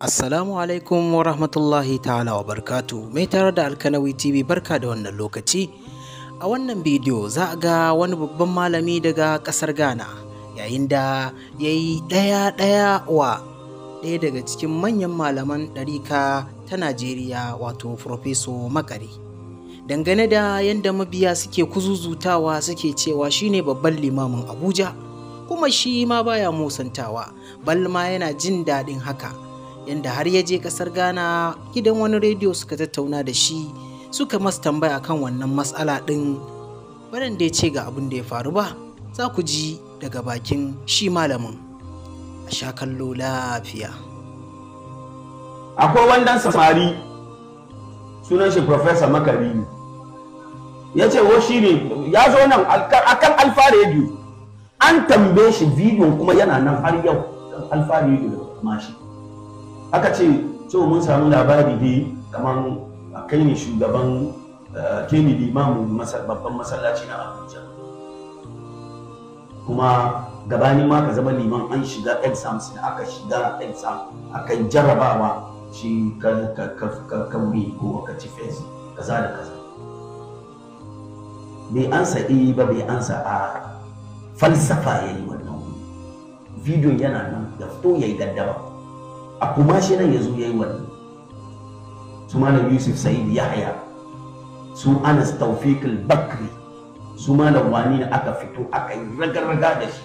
Assalamu alaikum wa rahmatullahi ta'ala wa barkatu mai tare da alkanawi TV barka da wannan lokaci. A wannan bidiyo za a ga wani babban malami daga ƙasar Ghana yayin da ya yi ɗaya-ɗaya wa ɗaya daga cikin manyan malaman ɗarika ta Najeriya wato Profeso Makare. Dangane da yadda mabiya suke kuzuzutawa suke cewa shine babban limamin Abuja kuma shi ma baya musantawa, balma yana jin daɗin haka. yadda har ya je kasar ghana gidan wani rediyo suka tattauna da shi suka masa tambaya kan wannan matsala ɗin barin da ya ce ga abin da ya faru ba za ku ji daga bakin shi malamin a sha kallo lafiya akwai wandan samari sunan shi profesa makari ya ce wo shi ne ya zo nan akan alfa rediyo an tambaye shi bidiyon kuma yana nan har yau alfa rediyo da mashi aka ce so mun samu labari dai kamar a kai ne shugaban eh, kai limamin babban masallaci na abuja kuma gabanin ma ka zama liman an shiga exam da aka shiga exam aka jarabawa shi ka bi ko ka ci fes kaza da kaza bai ansa e ba bai ansa a falsafa ya yi wannan bidiyon yana nan da fito ya yi gaddaba a kuma shi nan ya zo ya yi wani su malam yusuf sa'id yahya su anas tawfiq bakri su malam wani na aka fito aka yi raga-raga da shi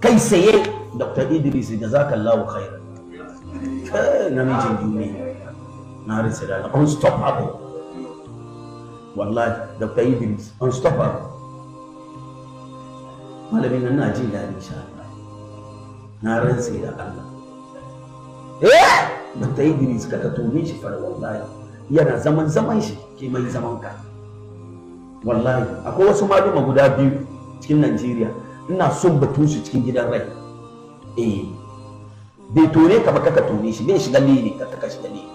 kai saye dr idris da za ka lawo na namijin duniya na rinsa da unstoppable wallahi dr idris unstoppable malamin nan na jin daɗin sha'a na rantse da Allah eh ta Idris ka tome shi fara wallahi yana zaman zaman shi ke mai zaman ka wallahi akwai wasu maluma guda biyu cikin Najeriya ina son batun su cikin gidan rai eh bai tone ka ba kaka tone shi bai shiga lili ka kaka shiga lili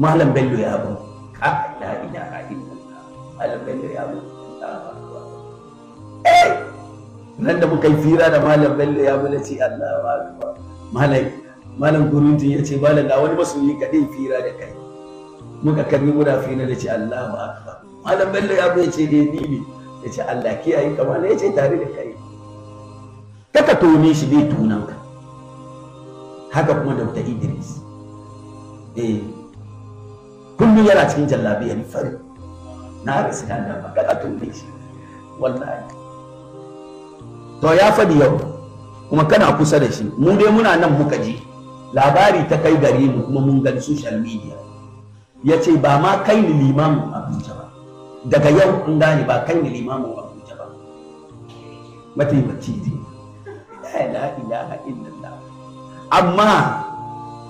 malam bello ya abu ka la ilaha illallah malam bello ya abu eh nan da muka yi fira da malam bello ya bala ce wa akbar malam malam gurunjin ya ce malam ga wani masu ka kaɗe fira da kai muka karbi muna fira da ce wa akbar malam bello ya bala ce ne ni ne ya ce allah kiyaye ka malam ya ce tare da kai kaka tone shi bai tunan ka haka kuma da idris eh kullum yana cikin jallabiyar fari na riska da ba kaka tone shi wallahi to ya faɗi yau kuma kana kusa da shi mu dai muna nan muka ji labari ta kai gare mu kuma mun gani social media ya ce ba ma kai ni limamin abuja ba daga yau in gane ba kai ni limamin abuja ba mataimaci ne la ilaha illallah amma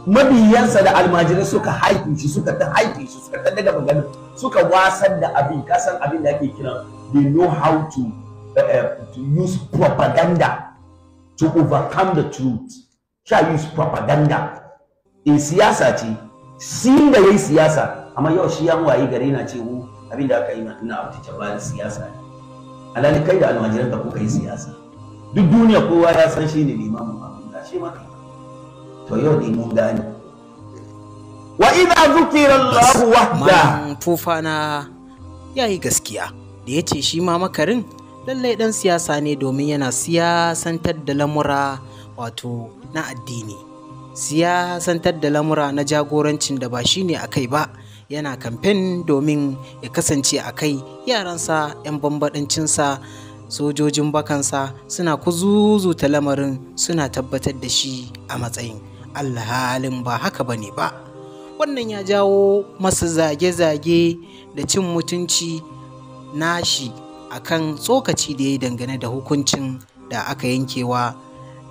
mabiyansa da almajirai suka haifi shi suka ta haifi shi suka ta daga magana suka wasan da abin kasan abin da ake kira they know how to uh, to use propaganda to overcome the truth Try use propaganda in siyasa ce shi da yayi siyasa amma yau shi yan waye gare na ce mu abin da aka yi na abu ta siyasa ne alali kai da almajiran da kuka yi siyasa duk duniya kowa ya san shi ne limamin abin da shi maka to yau ne mun gane wa ina zukira Allah wahda ya yi gaskiya da ce shi ma makarin lallai ɗan siyasa ne domin yana siyasantar da lamura wato na addini siyasantar da lamura na jagorancin da ba shi ne a kai ba yana kamfen domin ya kasance a kai yaransa 'yan bambadancinsa sojojin bakansa suna kuzuzuta lamarin suna tabbatar da shi a matsayin alhalin ba haka ba ne ba wannan ya jawo masa zage-zage da cin mutunci nashi akan tsokaci da ya dangane da hukuncin da aka yankewa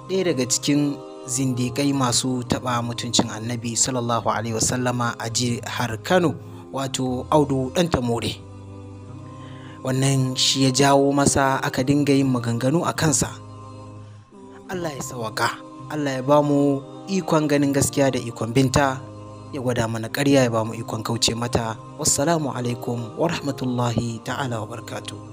ɗaya daga cikin zindiƙai masu taɓa mutuncin annabi sallallahu alaihi wasallama a jihar kano wato audu ɗanta more wannan shi ya jawo masa aka dinga yin maganganu a kansa allah ya sawaka allah ya ba mu ikon ganin gaskiya da ikon binta ya gwada mana karya ya ba mu ikon kauce mata wassalamu alaikum wa rahmatullahi ta'ala wa barkatu